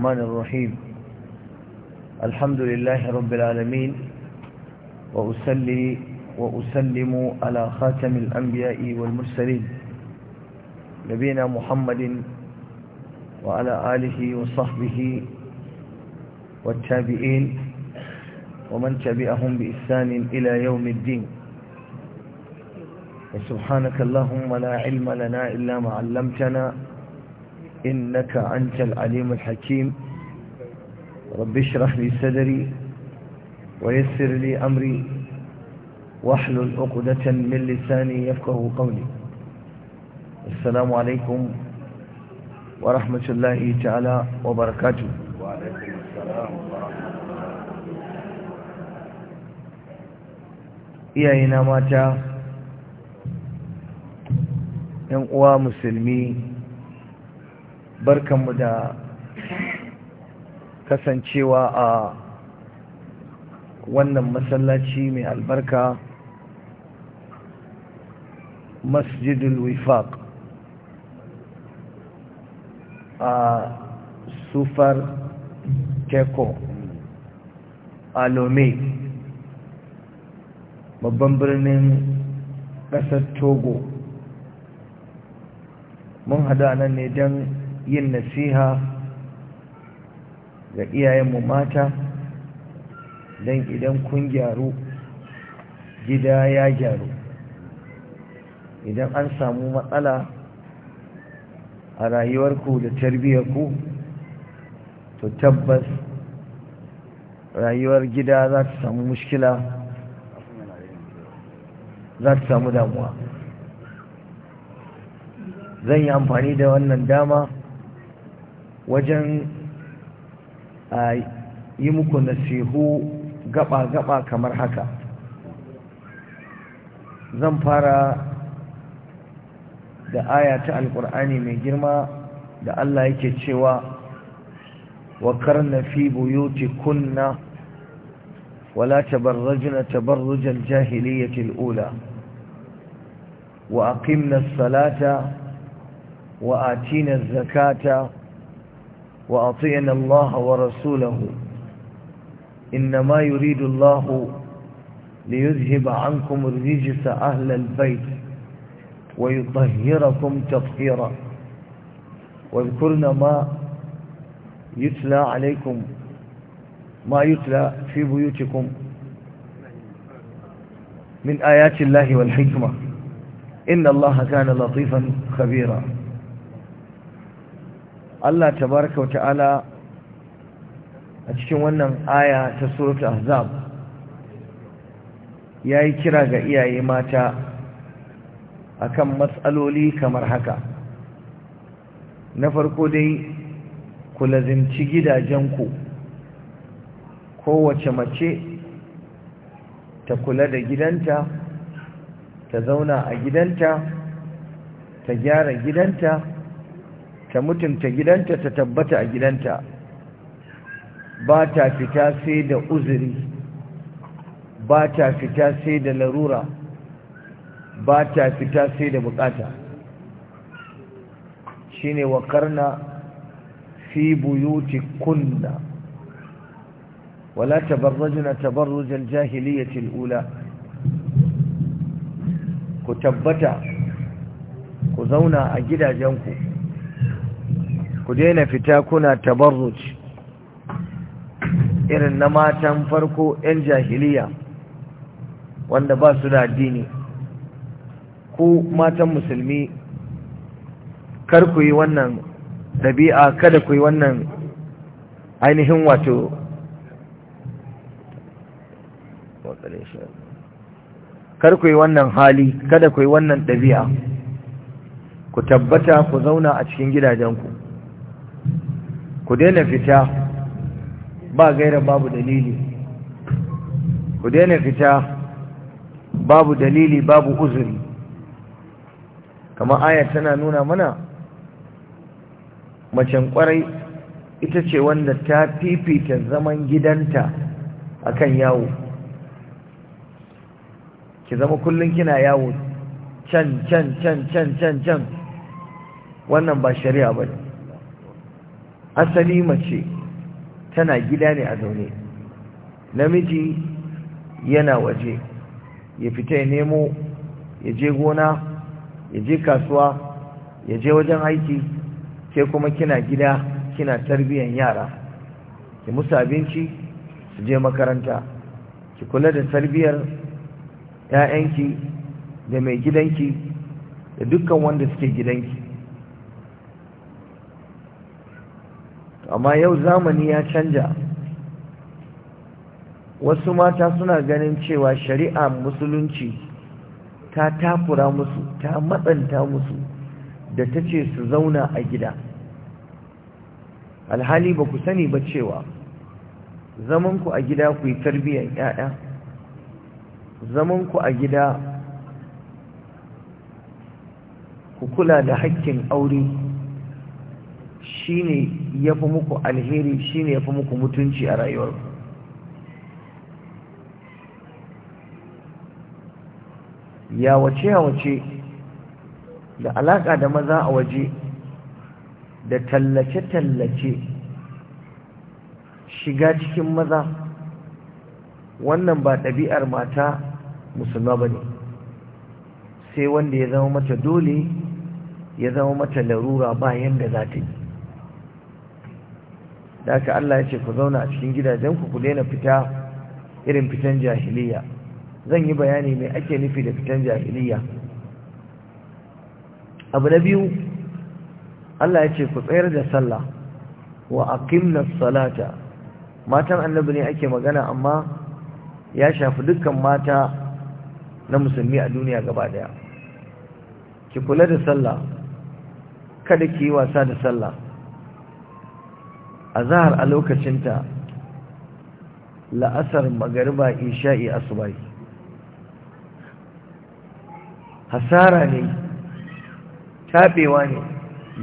الرحمن الرحيم الحمد لله رب العالمين وأسلي وأسلم على خاتم الأنبياء والمرسلين نبينا محمد وعلى آله وصحبه والتابعين ومن تبعهم بإحسان إلى يوم الدين وسبحانك اللهم لا علم لنا إلا ما علمتنا إنك أنت العليم الحكيم رب اشرح لي صدري ويسر لي أمري واحلل عقدة من لساني يفقه قولي السلام عليكم ورحمة الله تعالى وبركاته وعليكم السلام ورحمة الله إيهنا ماتا ينقوى مسلمين barkanmu da kasancewa a wannan masallaci mai albarka masjidul wifaq a sufar teko a lome babban birnin ƙasar togo mun hada nan ne don yin nasiha ga iyayenmu mata don idan kun gyaru gida ya gyaru idan an samu matsala a rayuwarku da tarbiyyarku to tabbas rayuwar gida za ta samu mushkila za ta samu damuwa zan yi amfani da wannan dama wajen yi muku nasihu gaba-gaba kamar haka zan fara da aya ta alkur'ani mai girma da Allah yake cewa wa karna fi buyuti kunna wala tabarrajna tabarrujal jahiliyyati ula wa aqimna as-salata wa atina az-zakata وأطيعنا الله ورسوله إنما يريد الله ليذهب عنكم الرجس أهل البيت ويطهركم تطهيرا واذكرن ما يتلى عليكم ما يتلى في بيوتكم من آيات الله والحكمة إن الله كان لطيفا خبيرا Allah ta wata ala, a cikin wannan aya ta suratul ahzab yayi kira ga iyaye mata akan matsaloli kamar haka na farko dai ku lazimci gidajenku kowace mace ta kula da gidanta ta zauna a gidanta ta gyara gidanta ta mutunta gidanta ta tabbata a gidanta ba ta fita sai da uzuri ba ta fita sai da larura ba ta fita sai da bukata ne wa karna fi buyuti kunna wala tabarrajna tabarruj al ula ku tabbata ku zauna a gidajenku ku daina fita kuna tabarruci irin na matan farko 'yan jahiliya wanda ba su da addini ku matan musulmi kar ku yi wannan ɗabi'a kada ku yi wannan ainihin wato kar ku yi wannan hali kada ku yi wannan ɗabi'a ku tabbata ku zauna a cikin gidajenku ku daina fita ba gaira babu dalili ku daina fita babu dalili babu uzuri kama aya tana nuna mana macen kwarai ita ce wanda ta fifita zaman gidanta akan yawo ki zama kullum kina yawo can can can can can can wannan ba shari'a ba asali mace tana gida ne a zaune namiji yana waje ya fita ya nemo ya je gona ya je kasuwa ya je wajen aiki ke kuma kina gida kina tarbiyyar yara ki musu abinci su je makaranta ki kula da tarbiyyar 'ya'yanki da mai gidanki da dukkan wanda suke gidanki amma yau zamani ya canja wasu mata suna ganin cewa shari'a musulunci ta tafura musu ta matsanta musu da ta ce su zauna a gida alhali ba ku sani ba cewa zamanku a gida ku yi tarbiyyar 'ya'ya zamanku a gida ku kula da haƙƙin aure shine yafi muku alheri shine yafi muku mutunci a rayuwarku ya wace ya wace da alaka da maza a waje da tallace-tallace shiga cikin maza wannan ba ɗabi'ar mata musulma ba ne sai wanda ya zama mata dole ya zama mata larura bayan da za ta yi da haka Allah ya ce ku zauna a cikin gidajenku ku daina fita irin fitan jahiliya zan yi bayani mai ake nufi da fitan jahiliya abu na biyu Allah ya ce ku tsayar da sallah wa aqimna salata matan annabi ne ake magana amma ya shafi dukkan mata na musulmi a duniya gaba daya ki kula da sallah kada ki yi wasa da sallah zahar a lokacinta la'asar magariba isha'i asubai hasara ne tabewa ne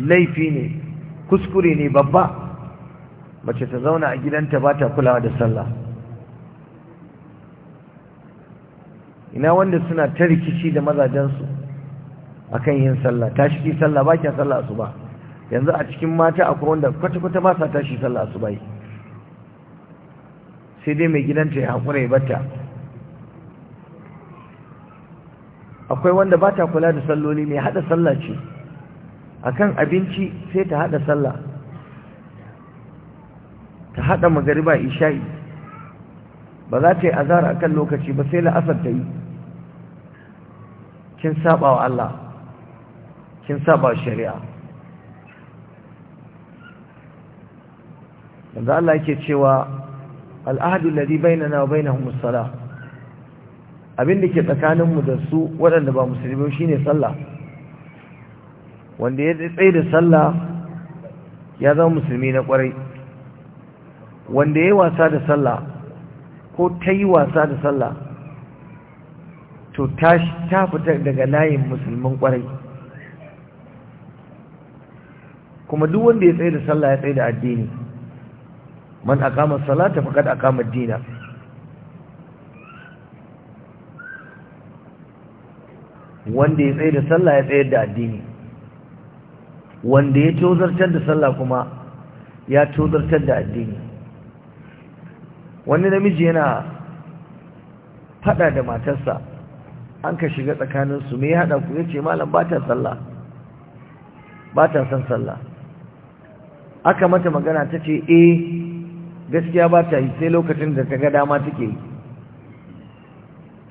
laifi ne kuskure ne babba mace ta zauna a gidanta ba ta kulawa da sallah ina wanda suna ta rikici da mazajensu akan yin sallah ta shi sallah ba kya sallah ba yanzu a cikin mata akwai wanda kwata-kwata ba sa tashi sallah su bai sai dai mai gidanta ya haƙura ya bata akwai wanda ba ta kula da salloli mai haɗa sallah ce akan abinci sai ta haɗa sallah ta haɗa magariba isha'i ba za ta yi azara akan lokaci ba sai la'asar ta yi kin saba wa Allah kin saba shari'a wanda Allah yake cewa al'ahadu alladhi bainana wa bainahum as-salah abin da ke tsakanin mu da su waɗanda ba musulmi shine sallah wanda ya tsaye da sallah ya zama musulmi na kwarai wanda ya wasa da sallah ko ta yi wasa da sallah to ta fita daga layin musulmin kwarai kuma duk wanda ya tsaye da sallah ya tsaye da addini man aqama salata faqad aqama ad-dina wanda ya tsaye da sallah ya tsayar da addini wanda ya tozartar da sallah kuma ya tozartar da addini wani namiji yana faɗa da matarsa an ka shiga tsakaninsu me ya hada ku ce malam ba son sallah aka mata magana ta ce eh gaskiya ba ta yi sai lokacin da ta ga dama take yi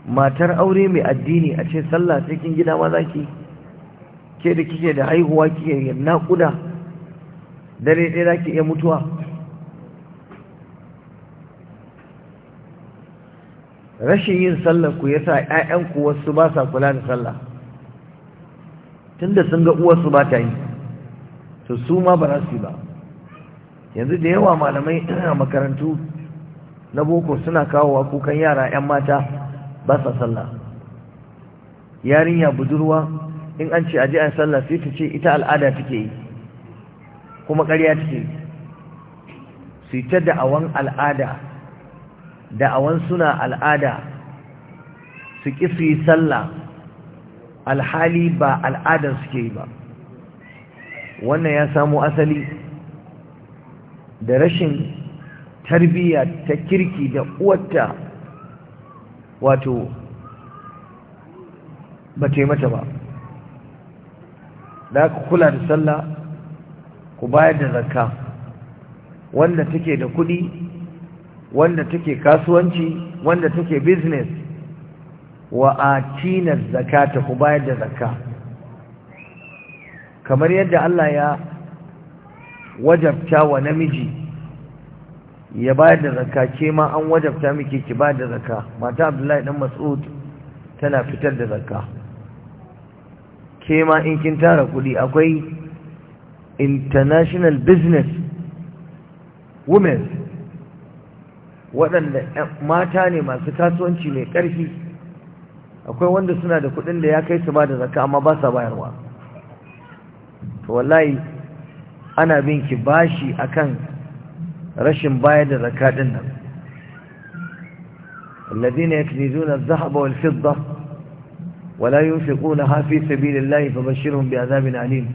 matar aure mai addini a ce sallah sai kin gida ma zaki ke da kike da haihuwa kike naƙuda dare ɗaya ki iya mutuwa rashin yin sallar ku yasa ƴaƴan ku wasu ba sa kula da sallah tunda sun ga uwarsu ba ta yi to su ma ba su yi ba yanzu da yawa malamai a makarantu na boko suna kawowa kukan yara 'yan mata ba sa sallah yarinya budurwa in an ce aji an sallah sai ta ce ita al'ada take yi kuma ƙarya take yi su ta da'awan al'ada da'awan suna al'ada su ƙi su yi sallah alhali ba al'adar suke yi ba wannan ya samo asali da rashin tarbiyya ta kirki da uwarta wato ba ta yi mata ba da aka kula da sallah ku bayar da zakka wanda take da kuɗi wanda take kasuwanci wanda take business wa a tina zakata ku bayar da zakka kamar yadda Allah ya wajabta wa namiji ya bayar da zaka ke ma an wajabta muke ki bayar da zaka mata abdullahi dan mas'ud tana fitar da zaka ke ma in kin tara kudi akwai international business women waɗanda mata ne masu kasuwanci mai ƙarfi akwai wanda suna da kuɗin da ya kai su ba da zaka amma ba sa bayarwa to wallahi ana bin ki bashi akan rashin bayar da zakatun nan الذين يكنزون الذهب والفضة ولا ينفقونها في سبيل الله فبشرهم بعذاب أليم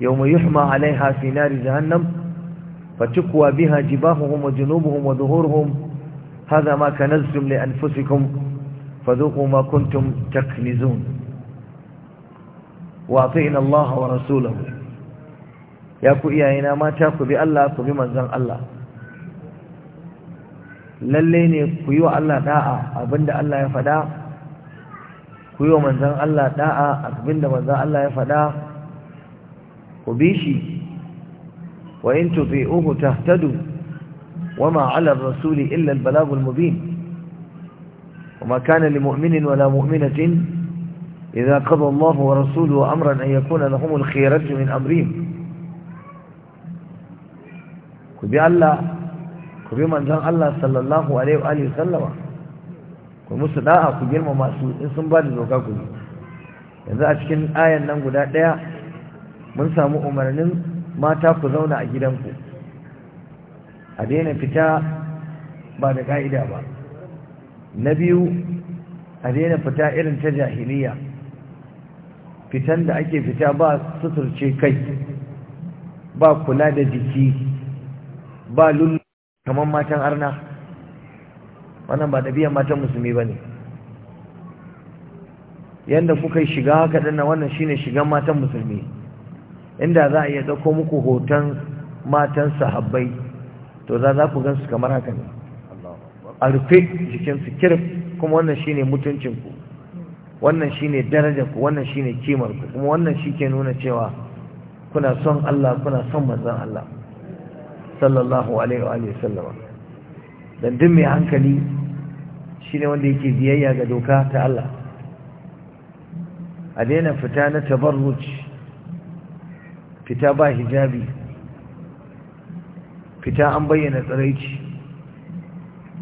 يوم يحمى عليها في نار جهنم فتكوى بها جباههم وجنوبهم وظهورهم هذا ما كنزتم لأنفسكم فذوقوا ما كنتم تكنزون وأطيعنا الله ورسوله ya ku iyayena mata ku bi Allah ku bi manzon Allah lalle ne ku yi wa Allah da'a abinda Allah ya faɗa ku yi wa manzon Allah da'a abinda manzon Allah ya faɗa ku bi shi wa in tuti'uhu tahtadu wama 'ala ar-rasuli illa al-balagul mubin وما كان لمؤمن ولا مؤمنة إذا قضى الله ورسوله أمرا أن يكون لهم الخيرة من أمرهم ku bi Allah ku bi manzon Allah sallallahu alaihi wa sallama ku musu da'a ku girma masu in sun ba da doka ku yanzu a cikin ayan nan guda daya mun samu umarnin mata ku zauna a gidanku a daina fita ba da ka'ida ba na biyu a daina fita irin ta jahiliya fitan da ake fita ba suturce kai ba kula da jiki ba lullu kamar matan arna wannan ba ɗabi'ar matan musulmi ba ne yadda kuka shiga haka dana wannan shine shigan matan musulmi inda za a iya ɗauko muku hoton matan sahabbai to za za ku gansu kamar haka ne a rufe jikinsu kirif kuma wannan shine mutuncinku wannan shine darajarku wannan shine kimarku kuma wannan shi ke nuna cewa kuna son Allah kuna son manzon Allah sallallahu alaihi wa sallam dan duk mai hankali shine wanda yake biyayya ga doka ta Allah a daina fita na tabarruj fita ba hijabi fita an bayyana tsaraici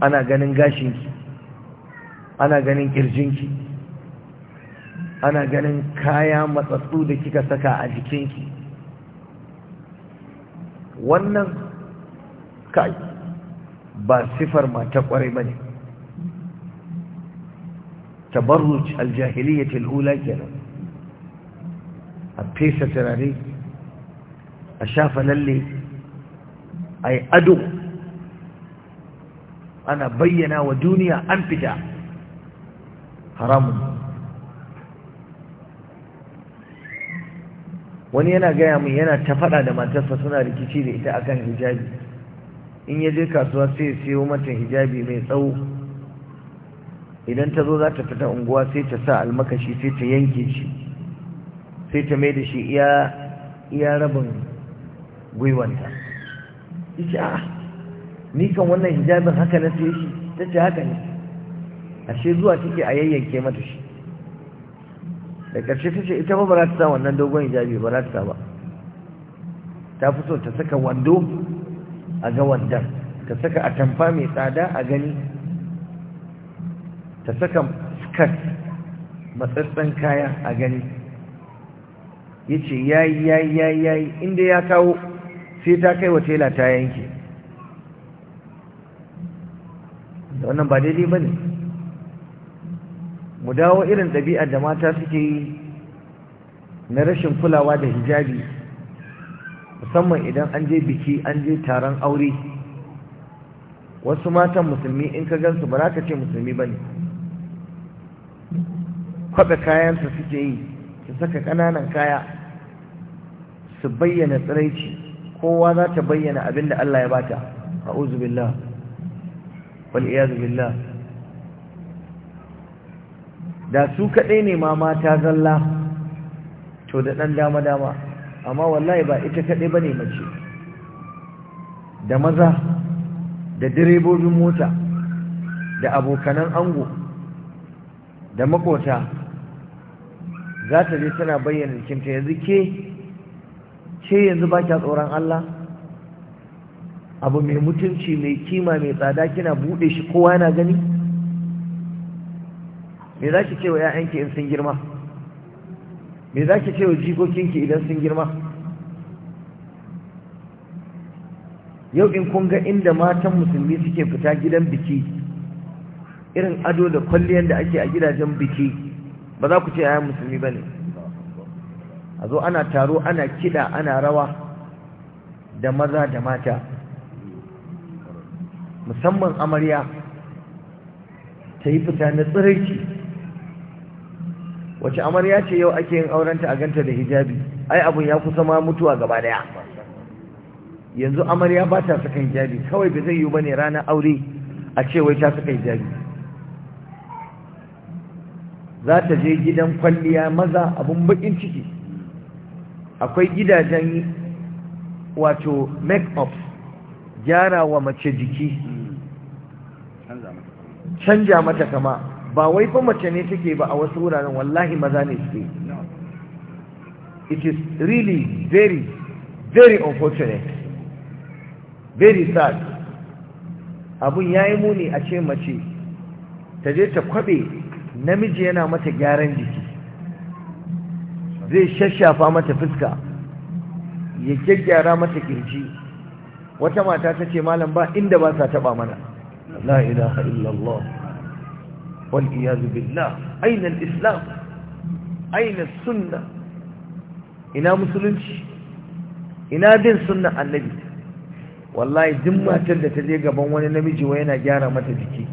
ana ganin gashinki ana ganin kirjinki ana ganin kaya matsatsu da kika saka a jikinki wannan kai ba sifar mata kwarai bane tabarruj aljahiliyyah alula kenan a fesa turare a shafa lalle a yi ado ana bayyana wa duniya an fita haramun wani yana gaya min yana ta faɗa da matarsa suna rikici da ita akan hijabi in ya je kasuwa sai ya siyo mata hijabi mai tsawo idan ta zo za ta fita unguwa sai ta sa almakashi sai ta yanke shi sai ta mai da shi iya rabin gwiwanta ita a ni kan wannan hijabin haka na sai shi ta ce haka ne ashe zuwa take a yayyanke mata shi da ƙarshe ta ce ita ba ba za ta sa wannan dogon hijabi ba za ta sa ba ta fi so ta saka wando a ga wandan ta saka atamfa mai tsada a gani ta saka skirt matsatsen kaya a gani Ya yace yayi yayi yayi yayi inda ya kawo sai ta kai wa tela ta yanke da wannan ba daidai ba ne mu dawo irin ɗabi'ar da mata suke yi na rashin kulawa da hijabi musamman idan an je biki an je taron aure wasu matan musulmi in ka gansu ba za ka ce musulmi ba ne kwaɓe kayansa suke yi su saka ƙananan kaya su bayyana tsiraici kowa za ta bayyana abin da Allah ya bata a uzubillah wal'iyazubillah da su kaɗai ne ma mata zalla to da ɗan dama-dama amma wallahi ba ita kaɗai ba ne mace da maza da direbobin mota da abokanan ango da makota za ta je tana bayyana jikinta yanzu ke ke yanzu ba kya tsoron Allah abu mai mutunci mai kima mai tsada kina buɗe shi kowa yana gani me za ki ce wa 'ya'yanki in sun girma me za ki ce wa jikokinki idan sun girma yau in kun ga inda matan musulmi suke fita gidan biki irin ado da kwalliyar da ake a gidajen biki ba za ku ce yayan musulmi ba ne a zo ana taro ana kiɗa ana rawa da maza da mata musamman amarya ta yi fita na tsirarki wace amarya ce yau ake yin aurenta a ganta da hijabi ai abun ya kusa ma mutuwa gaba daya yanzu amarya ba ta saka hijabi kawai ba zai yi ne ranar aure a ce wai ta saka hijabi za ta je gidan kwalliya maza abun bakin ciki akwai gidajen wato make-up gyara wa mace jiki hmm. canja mata kama ba wai fa mace ne take ba a wasu wuraren wallahi maza ne suke it is really very very unfortunate very sad abun yayi muni a ce mace ta je ta kwabe namiji yana mata gyaran jiki zai shashafa mata fuska ya gyaggyara mata kirji wata mata ta ce malam ba inda ba sa taba mana la ilaha illallah والعياذ بالله اين الاسلام اين السنه إنا مسلمش إنا دين سنه النبي والله دمة تلد تليق بوانا نمجي وينا جارة متجكي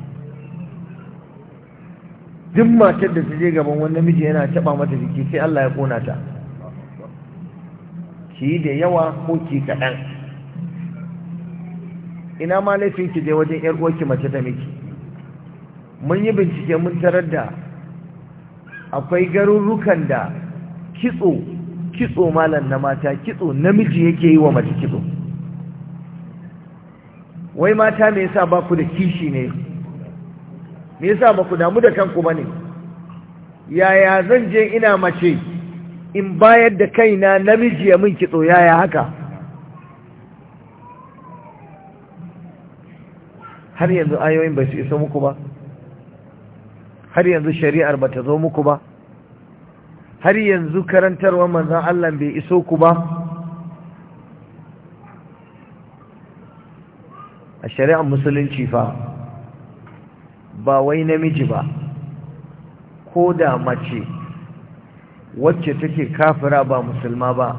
gaban wani namiji yana نمجي mata jiki sai Allah الله يكون ta. ki da yawa ko ki kaɗan ina ma laifin ki je wajen 'yar uwarki mace ta miki mun yi bincike mun tarar da akwai garurrukan da kitso kitso malam na mata kitso namiji yake yi wa mace kitso wai mata me yasa ba ku da kishi ne me yasa ba ku damu da kanku bane yaya zan je ina mace in bayar da kaina namiji ya min kitso yaya haka har yanzu ayoyin ba su isa muku ba har yanzu shari'ar bata zo muku ba har yanzu karantarwa manzan Allah bai iso ku ba a shari'ar musulunci fa ba wai namiji ba ko da mace wacce take kafira ba musulma ba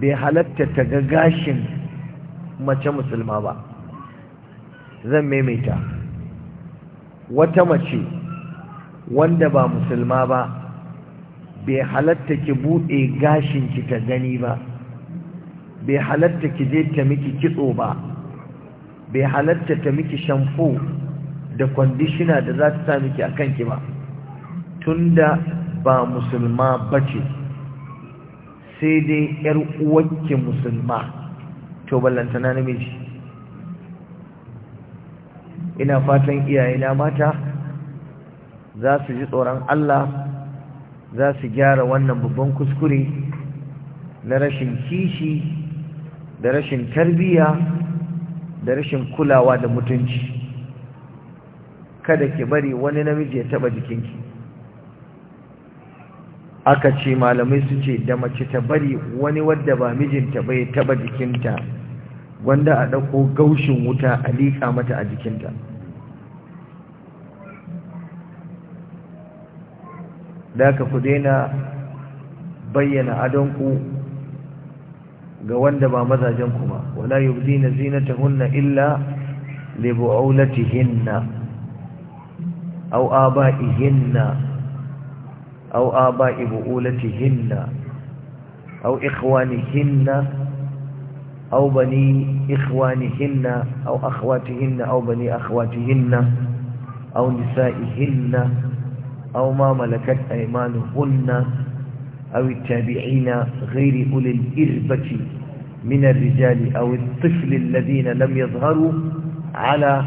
bai halatta ta ga gashin mace musulma ba zan maimaita wata mace wanda ba musulma ba bai halatta ki buɗe gashin ki ta gani ba bai halatta ki je ta miki kitso ba bai halatta ta miki shamfo da kwandishina da za ta sa miki a kanki ba tunda ba musulma bace sai dai yar uwarki musulma to ballantana namiji ina fatan iyayena mata za su ji tsoron Allah za su gyara wannan babban kuskure na rashin kishi da rashin tarbiyya da rashin kulawa da mutunci kada ki bari wani namiji ya taba jikinki aka ce malamai su ce da mace ta bari wani wadda ba mijinta ba ya taba jikinta wanda a ɗauko gaushin wuta a liƙa mata a jikinta da ka ku daina bayyana adonku ga wanda ba mazajen kuma wala yubdina zinatahunna illa li bu'ulatihinna aw aba'ihinna aw aba'i bu'ulatihinna aw ikhwanihinna أو بني إخوانهن أو أخواتهن أو بني أخواتهن أو نسائهن أو ما ملكت أيمانهن أو التابعين غير أولي الإربة من الرجال أو الطفل الذين لم يظهروا على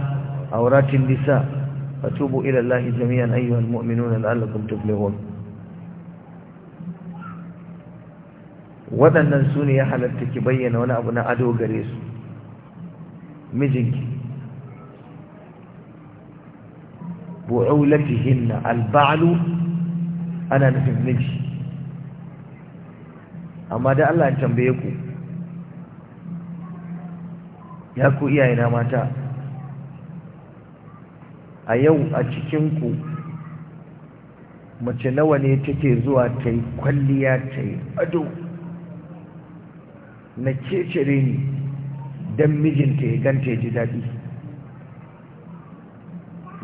أوراق النساء فتوبوا إلى الله جميعا أيها المؤمنون لعلكم تبلغون waɗannan ننسوني يا ya halatta ki عدو قريس abu bu'ulatihinna alba'lu ana nufin miji amma da Allah ya tambaye ku ya ku iyayena mata a yau a cikin ku mace nawa ne take zuwa ta yi kwalliya ta yi ado na cecere ni don mijinta ya ganta ya ji daɗi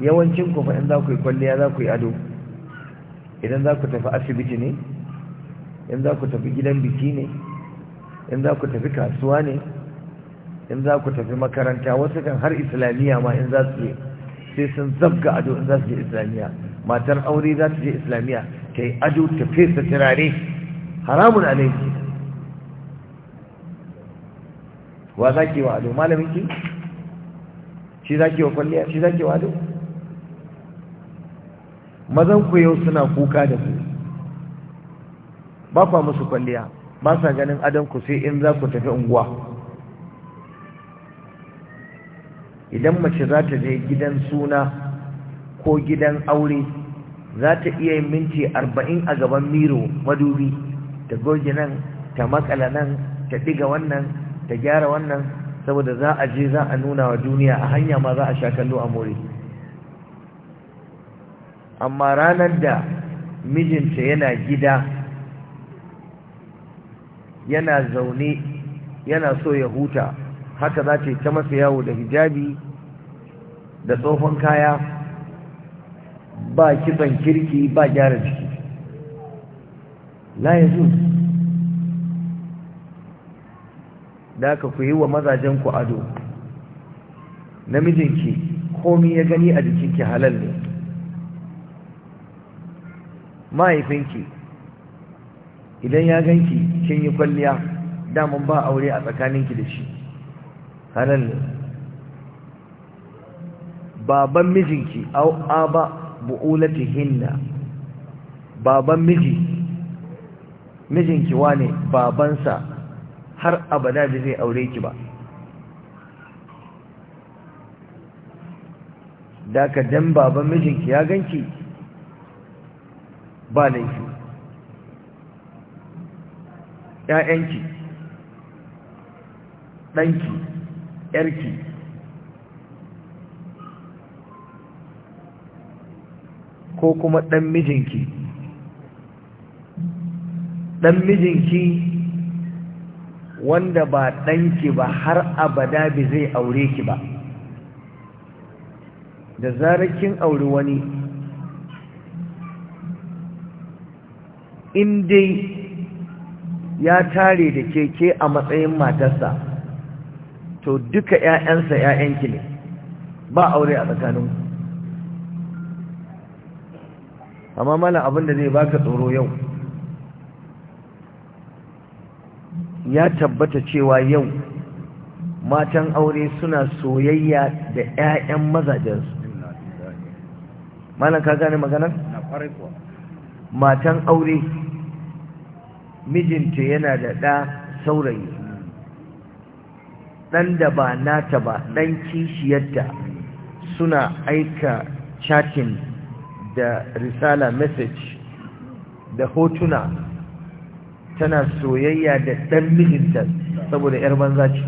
yawancin ku fa in za ku yi kwalliya za ku yi ado idan za ku tafi asibiti ne in za ku tafi gidan biki ne in za ku tafi kasuwa ne in za ku tafi makaranta wasu kan har islamiyya ma in za su yi sai sun zabga ado in za su je islamiyya matar aure za su je islamiyya ta yi ado ta fesa turare haramun alaiki wa za ki wa ado malaminki, shi za ki wa kwalliya shi za ki wa ado mazan ku yau suna kuka da su. ba kwa musu kwalliya ba sa ganin adon ku sai in za ku tafi unguwa idan mace za ta je gidan suna ko gidan aure za ta iya yin minti arba'in a gaban miro madubi ta goge nan ta makala nan ta diga wannan ta gyara wannan saboda za a je za a nuna wa duniya a hanya ma za a sha kallo a more amma ranar da mijinta yana gida yana zaune yana so ya huta haka za ta masa yawo da hijabi da tsohon kaya ba kitson kirki ba gyara jiki la yanzu da aka ku yi wa mazajenku ado namijinki komi ya gani a jikinki halal ne mahaifinki idan ya ganki kin yi kwalliya damun ba aure a tsakaninki da shi halal baban mijinki au aba hinna baban miji mijinki wane babansa har abada da zai aure ki ba da ka dan baban mijinki ya ganki ba laifi ‘ya'yanki ɗanki ‘yarki ko kuma ɗan mijinki ɗan mijinki wanda ba ɗanki ba har abada bi zai aure ki ba da zarakin aure wani in dai ya tare da keke a matsayin matarsa to duka ‘ya'yansa ‘ya'yanki ne ba aure a tsakaninku amma mana abin da zai baka tsoro yau ya tabbata cewa yau matan aure suna soyayya da 'ya'yan mazajensu mana ka gane maganar? matan aure mijinta yana da ɗa saurayi ɗan da ba nata ba ɗan kishiyarta suna aika chatin da risala message da hotuna tana soyayya da ɗan mijinta saboda 'yar banza ce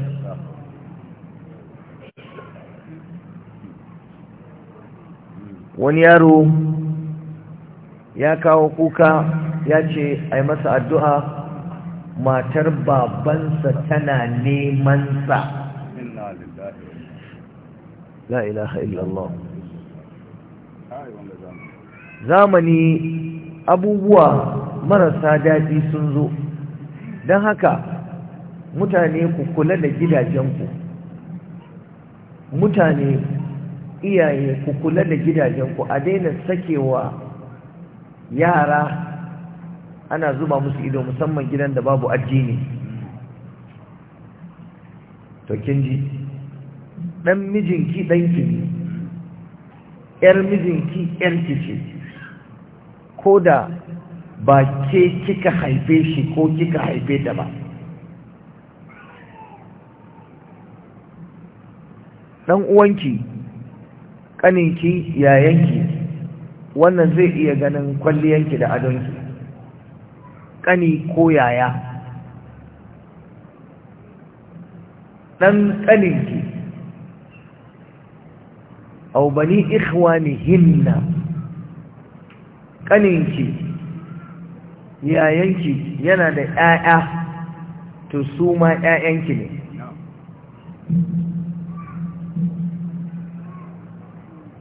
wani yaro ya kawo kuka ya ce a yi masa addu'a matar babansa tana neman sa la ilaha illallah zamani abubuwa marasa daɗi sun zo don haka mutane ku kula da gidajenku mutane iyaye ku kula da gidajenku a daina sakewa yara ana zuba musu ido musamman gidan da babu addini to kin ji dan mijinki danki ne yar mijinki yanki ce ko da ba ke kika haife shi ko kika haife ta ba dan uwanki kaninki yayanki wannan zai iya ganin kwalliyanki da adonki ƙani ko yaya ɗan ƙaninki au bani hinna ƙaninki yayanki yana da ƴaƴa to su ma ƴaƴanki ne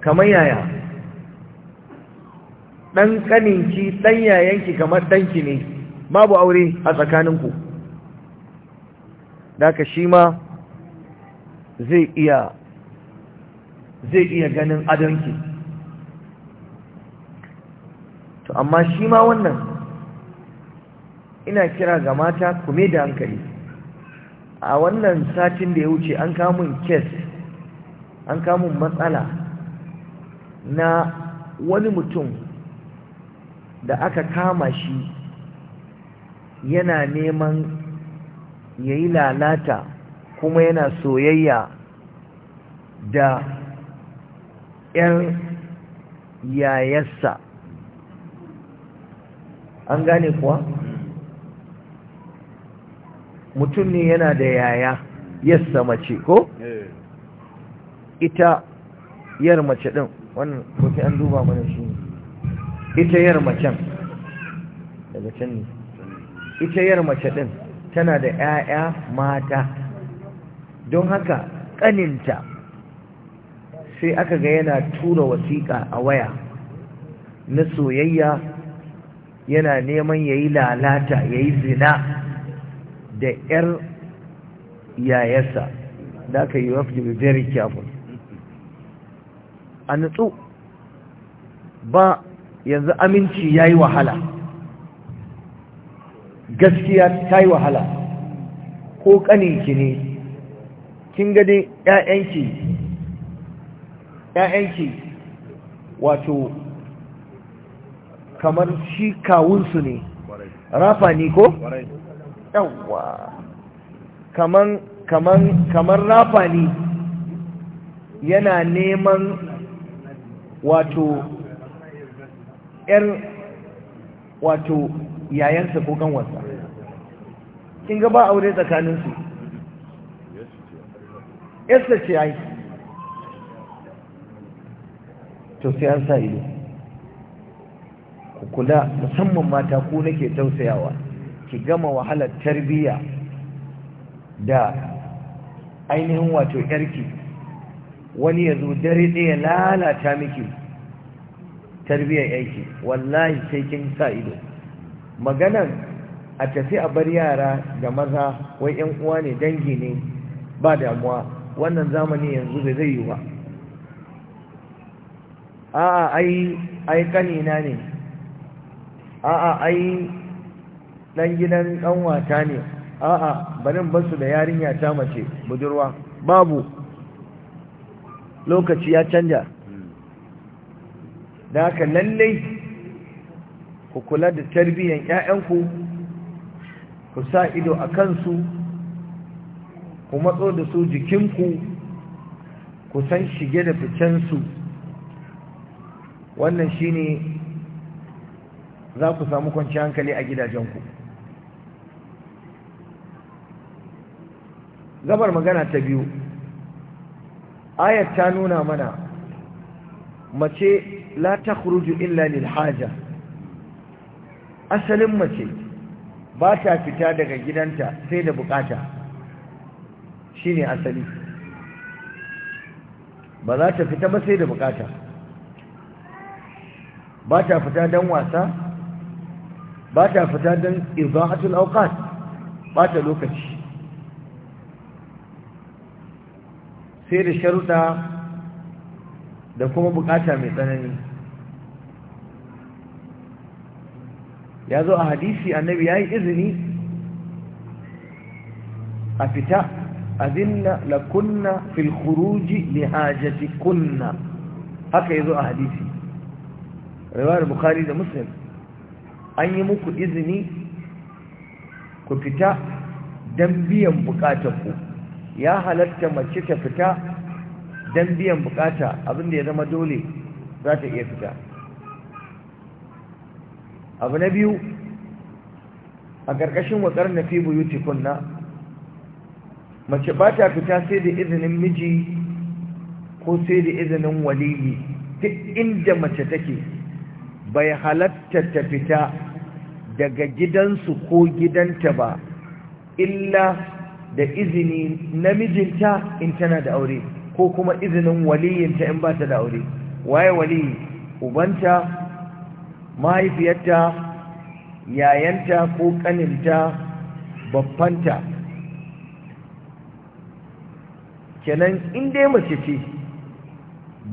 kamar yaya ɗan ƙaninki ɗan yayanki kamar ɗanki ne babu aure a tsakaninku daga shi ma zai iya zai iya ganin adonki to amma shi ma wannan ina kira ga mata kume da hankali a wannan satin da ya wuce an kamun kes an kamun matsala na wani mutum da aka kama shi yana neman ya yi lalata kuma yana soyayya da ‘yan yayarsa an gane kuwa mutum ne yana da yaya yassa mace ko eh. ita yar mace ɗin wannan kuke an duba mana shi ita yar macen daga can ne ita yar mace ɗin tana da 'ya'ya mata don haka ƙaninta sai aka ga yana tura wasiƙa a waya na soyayya yana neman ya yi lalata ya yi zina da 'yar yayarsa da aka yi wafi da very careful a nutsu ba yanzu aminci ya yi wahala gaskiya ta yi wahala ko ki ne kin ga ƴaƴanki ‘ya'yanki wato kamar shi kawunsu ne rafa ne ko? yawwa kamar kamar kamar rafa ne yana neman wato ƴar wato yayansa ko kanwarsa kin ga ba aure tsakaninsu yasta ce ai to sai an sa ido ku kula musamman mata ku nake tausayawa ki gama wahalar tarbiyya da ainihin wato yarki wani ya zo dare ɗaya lalata miki tarbiyyar aiki. wallahi sai kin sa ido maganan a tafi a bar yara da maza wai yan uwa ne dangi ne ba damuwa wannan zamani yanzu da zai yi ba a'a ai ai kanina ne a'a ai dan gidan dan ne a'a barin basu da yarinya ta mace budurwa babu lokaci ya canja da haka lallai ku kula da tarbiyyar 'ya'yanku ku sa ido a kansu ku matso da su jikinku ku san shige da ficensu wannan shine za ku samu kwanci hankali a gidajenku gabar magana ta biyu ayat ta nuna mana mace la ta illa lil haja asalin mace ba ta fita daga gidanta sai da bukata shine asali ba za ta fita ba sai da bukata ba ta fita don wasa ba ta fita don hatun aukat ba ta lokaci sai da sharuɗa da kuma bukata mai tsanani ya zo a hadisi annabi ya yi izini a fita azinna kunna fil khuruji li hajati kunna haka ya zo a hadisi riwayar bukhari da muslim an yi muku izini ku fita don biyan ku. ya halatta mace ta fita don biyan bukata abinda ya zama dole za ta iya fita abu na biyu a ƙarƙashin watsar na fi buyuti kunna mace ba ta fita sai da izinin miji ko sai da izinin waliyi duk inda mace take bai halatta ta fita daga gidansu ko gidanta ba illa da izini na mijinta in tana da aure ko kuma izinin waliyinta in ba ta da aure waye waliyi ubanta mahaifiyarta yayanta ko kaninta babbanta kenan in dai mace ce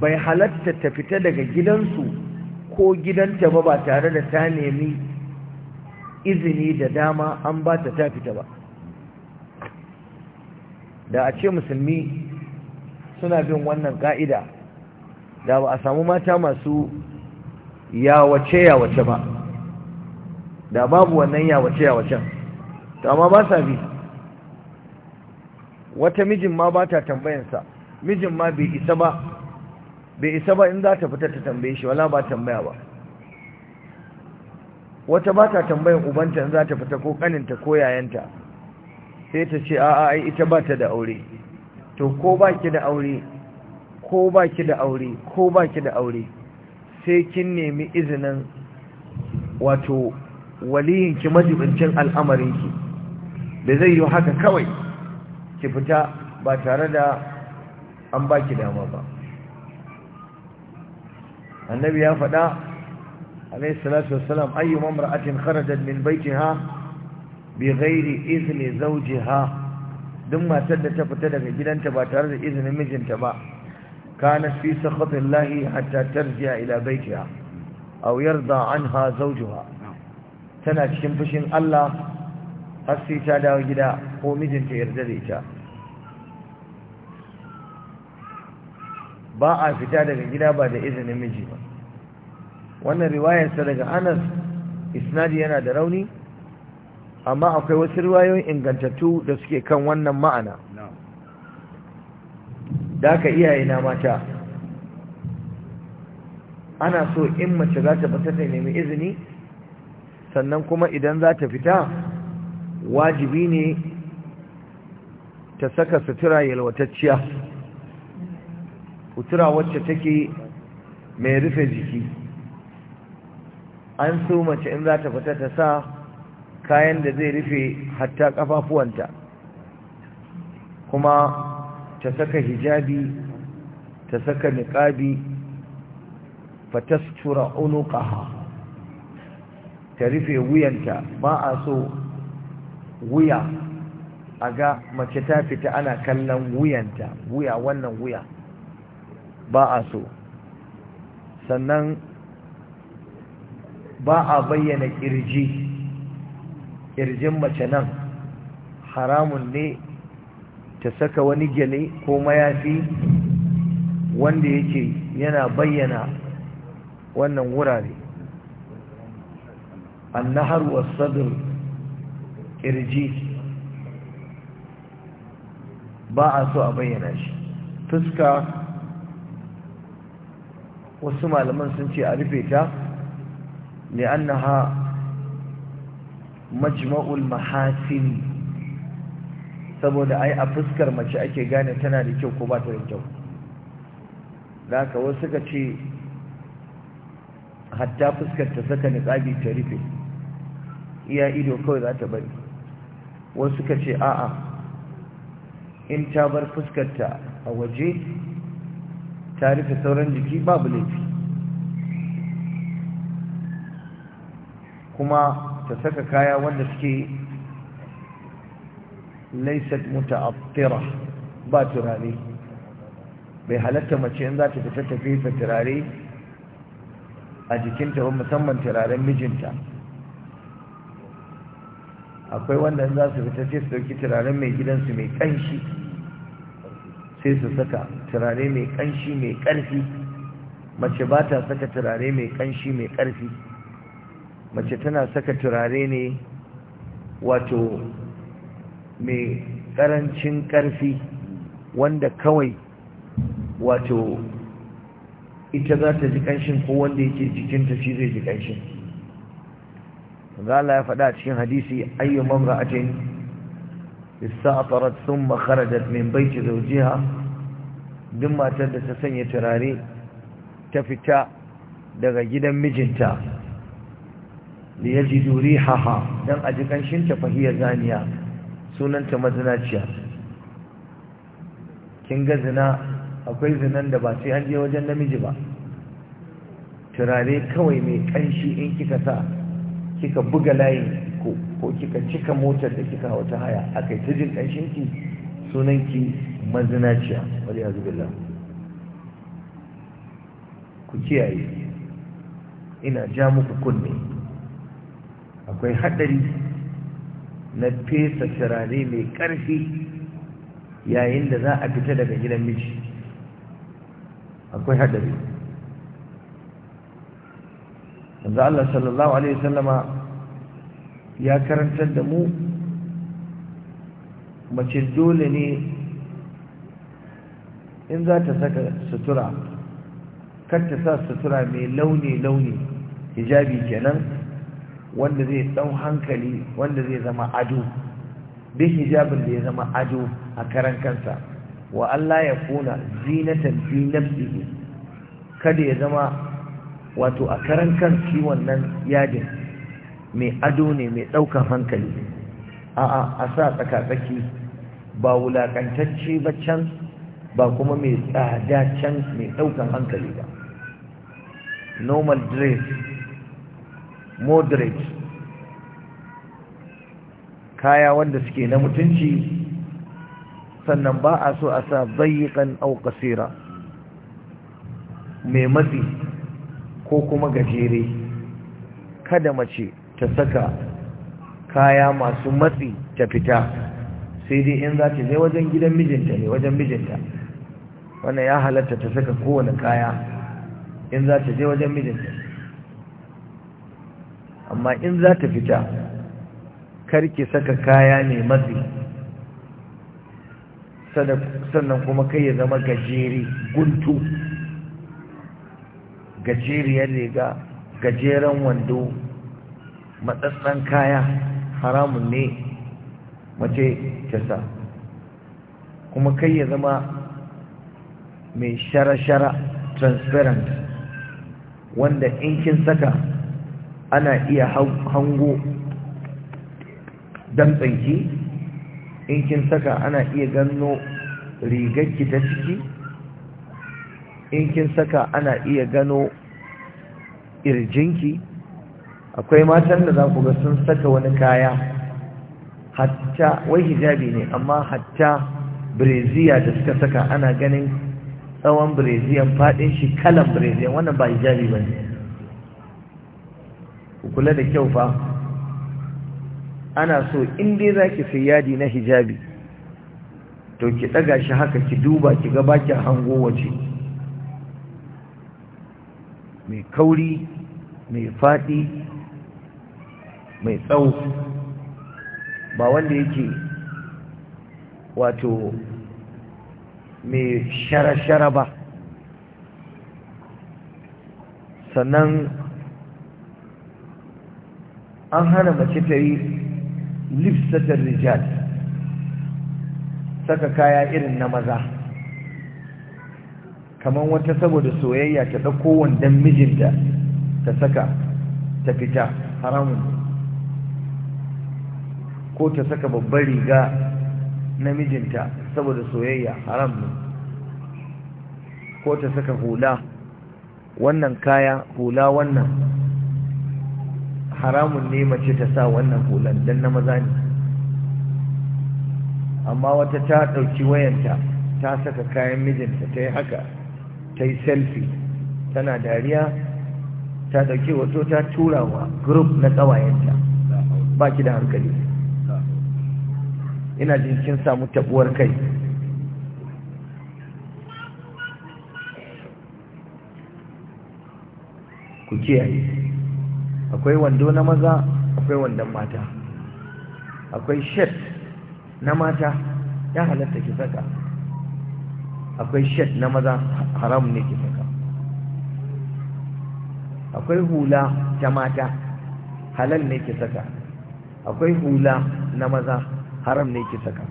bai halatta ta fita daga gidansu ko gidanta ba ba tare da ta nemi izini da dama an ba ta ta fita ba da a ce musulmi suna bin wannan ka'ida da ba a samu mata masu Ya wace ya wace ba da babu wannan ya ya yawacen to amma ba sa bi wata mijin ma ba ta tambayansa mijin ma bai isa ba bai isa ba in za ta fita ta tambaye shi wala ba tambaya ba wata ba ta tambayan ubanta in za ta fita ko kaninta ko yayanta sai ta ce a'a ai ita ba ta da aure to ko ba ki da aure ko ba ki da aure ko ba ki da aure sai kin nemi izinin wato waliyinki majibincin al'amarinki da zai yi haka kawai ki fita ba tare da an baki dama ba annabi ya faɗa alayhi salatu wassalam ayyu mamra'atin kharajat min baytiha bighairi izni zawjiha duk matar da ta fita daga gidanta ba tare da izinin mijinta ba كانت في سخط الله حتى ترجع إلى بيتها أو يرضى عنها زوجها تنا cikin fushin Allah har sai ta dawo gida ko mijinta yarda da ita ba a fita daga gida ba da izinin miji ba wannan riwayarsa daga Anas isnadi yana da rauni amma akwai wasu riwayoyin ingantattu da suke kan wannan ma'ana da aka iyaye na mata ana so in mace za ta fita ta nemi izini sannan kuma idan za ta fita wajibi ne ta saka sutura yalwatacciya sutura wacce take mai rufe jiki an so mace in za ta fita ta sa kayan da zai rufe hatta kafafuwanta kuma ta saka hijabi ta saka niqabi fatastura unuqaha ta rufe wuyanta ba a so wuya a ga mace ta fita ana kallon wuyanta wuya wannan wuya ba a so sannan ba a bayyana kirji kirjin mace nan haramun ne ta saka wani gyale ko mayafi wanda yake yana bayyana wannan wurare annahar wasadr kirji ba a so a bayyana shi fuska wasu malaman sun ce a rufe ta annaha majma'ul mahasini saboda ai a fuskar mace ake gane tana da kyau ko ba ta da kyau da ka wasu ka ce hatta fuskar ta saka ni niqabi ta rufe iya ido kawai za ta bari wasu ka ce a'a in ta bar fuskarta a waje ta rufe sauran jiki babu laifi kuma ta saka kaya wanda suke laysat muta'attira ba turare bai halatta mace in za ta fita ta fefa turare a jikinta ba musamman turaren mijinta akwai wanda za su fita ce su dauki turaren mai gidansu mai kanshi sai su saka turare mai kanshi mai karfi mace ba ta saka turare mai kanshi mai karfi mace tana saka turare ne wato mai karancin karfi wanda kawai wato ita za ta ji kanshin ko wanda yake jikinta shi zai ji kanshin zala ya faɗa a cikin hadisi ayyu mamra'atin ista'tarat thumma kharajat min bayti zawjiha duk matar da ta sanya turare ta fita daga gidan mijinta da duri haha. dan a ji kanshin ta fahiyar zaniya sunanta mazinaciya kin ga zina akwai zinan da ba sai an je wajen namiji ba turare kawai mai ƙanshi in kika sa kika buga layi ko kika cika motar da kika wata haya aka yi ta jin ƙanshin ki sunan ki mazinaciya wani yanzu ku kiyaye ina ja muku kunne akwai haɗari na fesa turare mai ƙarfi yayin da za a fita daga gidan miji akwai haɗari yanzu Allah sallallahu Alaihi wasallama ya karantar da mu mace dole ne in za ta saka sutura kar ta sa sutura mai launi-launi hijabi kenan wanda zai dau hankali wanda zai zama ado bi hijabin da ya zama ado a karan kansa wa Allah ya kuna zinatan fi nafsihi kada ya zama wato a karan kan shi wannan yadin mai ado ne mai ɗaukar hankali a a a sa tsakatsaki ba wulakantacce ba can ba kuma mai tsada can mai ɗaukan hankali ba normal dress moderate kaya wanda suke na mutunci sannan ba a so a sa bayyakan au kasira mai matsi ko kuma gajere kada mace ta saka kaya masu matsi ta fita sai dai in za ta je wajen gidan mijinta ne wajen mijinta wannan ya halatta ta saka kowane kaya in za ta je wajen mijinta amma in za ta fita kar ki saka kaya ne matsi sannan kuma kai ya zama gajeri guntu gajeriyar riga gajeren wando matsatsan kaya haramun ne mace kyasa kuma kai ya zama mai shara-shara transparent wanda in kin saka ana iya hango damtsanki in kin saka ana iya gano rigarki ta ciki in kin saka ana iya gano irjinki akwai matan da za ku ga sun saka wani kaya hatta wai hijabi ne amma hatta breziya da suka saka ana ganin tsawon breziyan fadin shi kalan breziyan wannan ba hijabi ba ne ku kula da kyau fa ana so in dai zaki sai yadi na hijabi to ki daga shi haka ki duba ki ga baki hango waje mai kauri mai fadi mai tsawo ba wanda yake wato mai shara-shara ba sannan an hana mace ta yi lifsatar rijal saka kaya irin na maza kamar wata saboda soyayya ta ɗauko wandan mijinta ta saka ta fita haramun ko ta saka babbar riga na mijinta saboda soyayya haramun ko ta saka hula wannan kaya hula wannan haramun ne mace ta sa wannan hulan dan na maza ne amma wata ta ɗauki wayanta ta saka kayan mijinta ta yi haka ta yi selfie tana dariya ta ɗauki wato ta tura wa group na ƙawayenta ba ki da hankali ina jin kin samu tabuwar kai ku kiyaye akwai wando na maza akwai wandon mata akwai shirt na mata ya halatta ki saka akwai shirt na maza haram ne ki saka akwai hula ta mata halal ne ki saka akwai hula na maza haram ne ki saka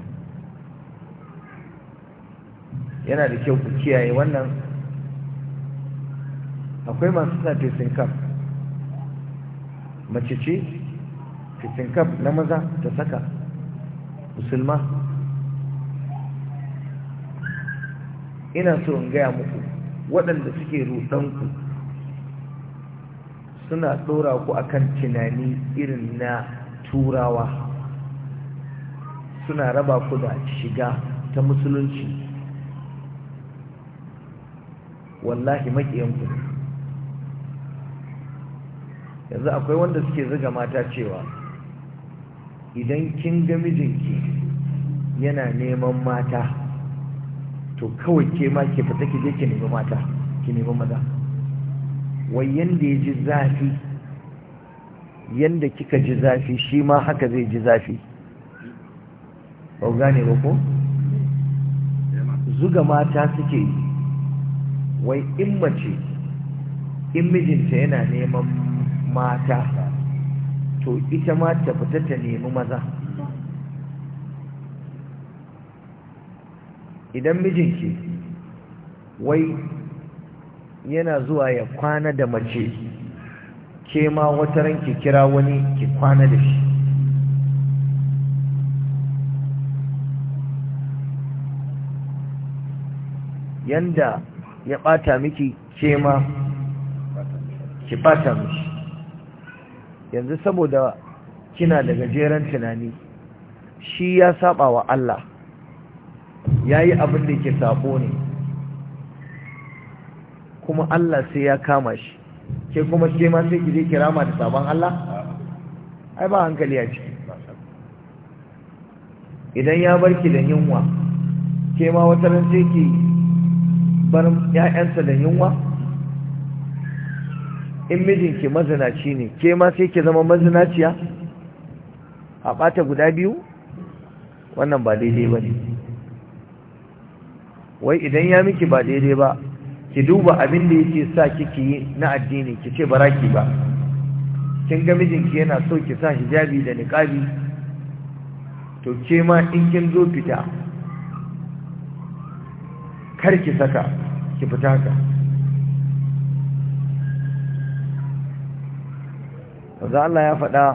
yana da kyau ku kiyaye wannan akwai masu sa fesin kafa mace ce kaf na maza ta saka musulma ina so in gaya muku waɗanda suke rudanku suna ɗora ku akan tunani irin na turawa suna raba ku da shiga ta musulunci wallahi maƙiyanku ne yanzu akwai wanda suke zuga mata cewa idan kin ga mijinki yana neman mata to kawai ke ma ke fita ki je ki nemi mata ki nemi maza wai yanda ya ji zafi yanda kika ji zafi shi ma haka zai ji zafi ba gane ba ko zuga mata suke yi wai in mace in mijinta yana neman mata to ita ma ta fita ta nemi maza idan mijinki wai yana zuwa ya kwana da mace ke ma wata ranki kira wani ki kwana da shi yanda ya bata miki ke ma ki bata mishi yanzu saboda kina da gajeren tunani shi ya saba wa Allah ya yi abin da ke sabo ne kuma Allah sai ya kama shi ke kuma ke ma sai ki je kirama da sabon Allah ai ba hankali a ciki idan ya barki da yunwa ke ma wata ran sai ki bar 'ya'yansa da yunwa in mijinki mazinaci ne ke ma sai ki zama mazinaciya a ɓata guda biyu wannan ba daidai ba ne wai idan ya miki ba daidai ba ki duba abin da yake sa kiki yi na addini ki ce baraki ba kin ga mijinki yana so ki sa hijabi da niqabi to ke ma in kin zo fita kar ki saka ki fita haka wanzu Allah ya faɗa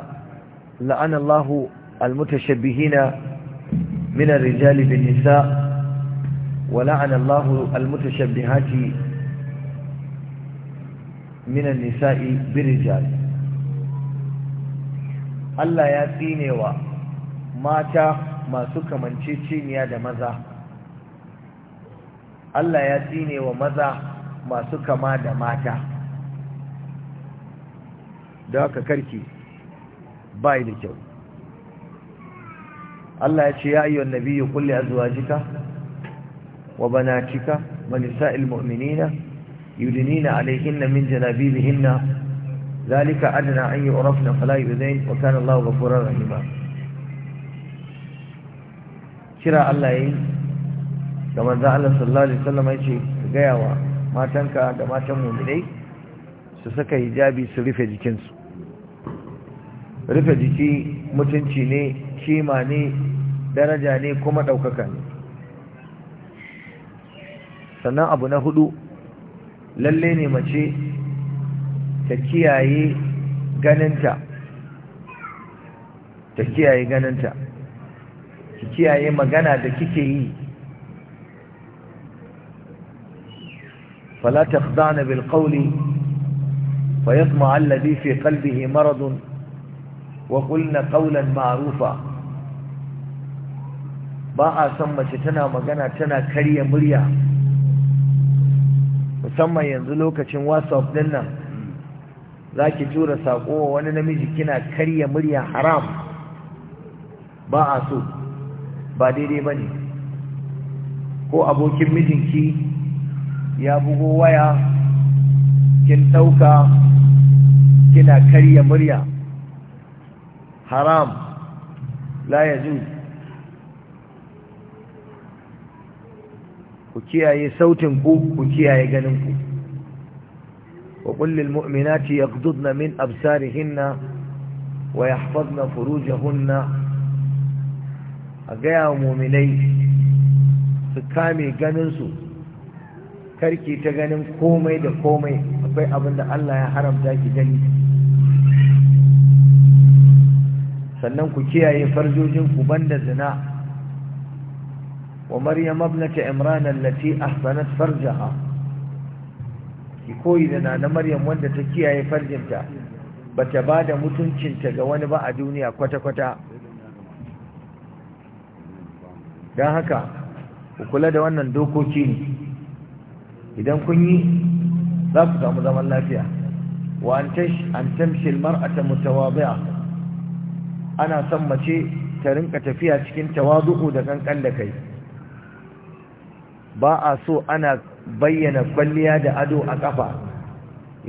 la'anallahu almutashabbihina min ar-rijali bin nisa wa la'anallahu almutashabbihati min an-nisa'i bir rijal Allah ya tsinewa mata masu kamanceceniya da maza Allah ya tsinewa maza masu kama da mata da haka karki bai da kyau Allah ya ce ya ayyuhan nabiyyu qul li azwajika wa banatika wa nisa'il mu'minina yudnina 'alayhinna min janabibihinna dhalika adna an yu'rafna fala yu'zain wa kana Allahu ghafurar rahima kira Allah yayi da manzo Allah sallallahu alaihi wasallam ya ce ga matanka da matan mu'minai su saka hijabi su rufe jikinsu rufe jiki mutunci ne kima ne daraja ne kuma ɗaukaka ne sannan abu na hudu lalle ne mace ta kiyaye ganinta ta kiyaye ganinta ki kiyaye magana da kike yi فلا تخضعن بالقول فيطمع الذي في قلبه مرض وقلنا قولا معروفا ba a san mace tana magana tana karya murya musamman yanzu lokacin whatsapp din nan za ki tura sako wa wani namiji kina karya murya haram ba a so ba daidai bane ko abokin mijinki ya bugo waya kin ɗauka kina karya murya haram la yajuz ku kiyaye sautin ku ku kiyaye ganin ku wa qul lil mu'minati yaghdudna min absarihinna wa yahfazna furujahunna agaya mu'minai su kame ganinsu su karki ta ganin komai da komai akwai abinda Allah ya haramta ki gani sannan ku kiyaye farjojin ku banda zina wa maryam ibnati imran allati ahsanat farjaha ki koyi da nana maryam wanda ta kiyaye farjinta bata bada mutuncinta ga wani ba a duniya kwata-kwata don haka ku kula da wannan dokoki ne idan kun yi za ku samu zaman lafiya wa an tamshi mar'ata mutawadi'a ana son mace ta rinka tafiya cikin tawadu'u da kankan da kai ba a so ana bayyana kwalliya da ado a kafa